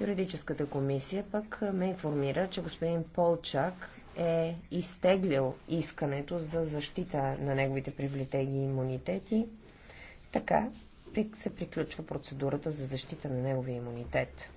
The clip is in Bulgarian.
Юридическата комисия пък ме информира, че господин Полчак е изтеглил искането за защита на неговите привилегии и имунитети. Така се приключва процедурата за защита на неговия имунитет.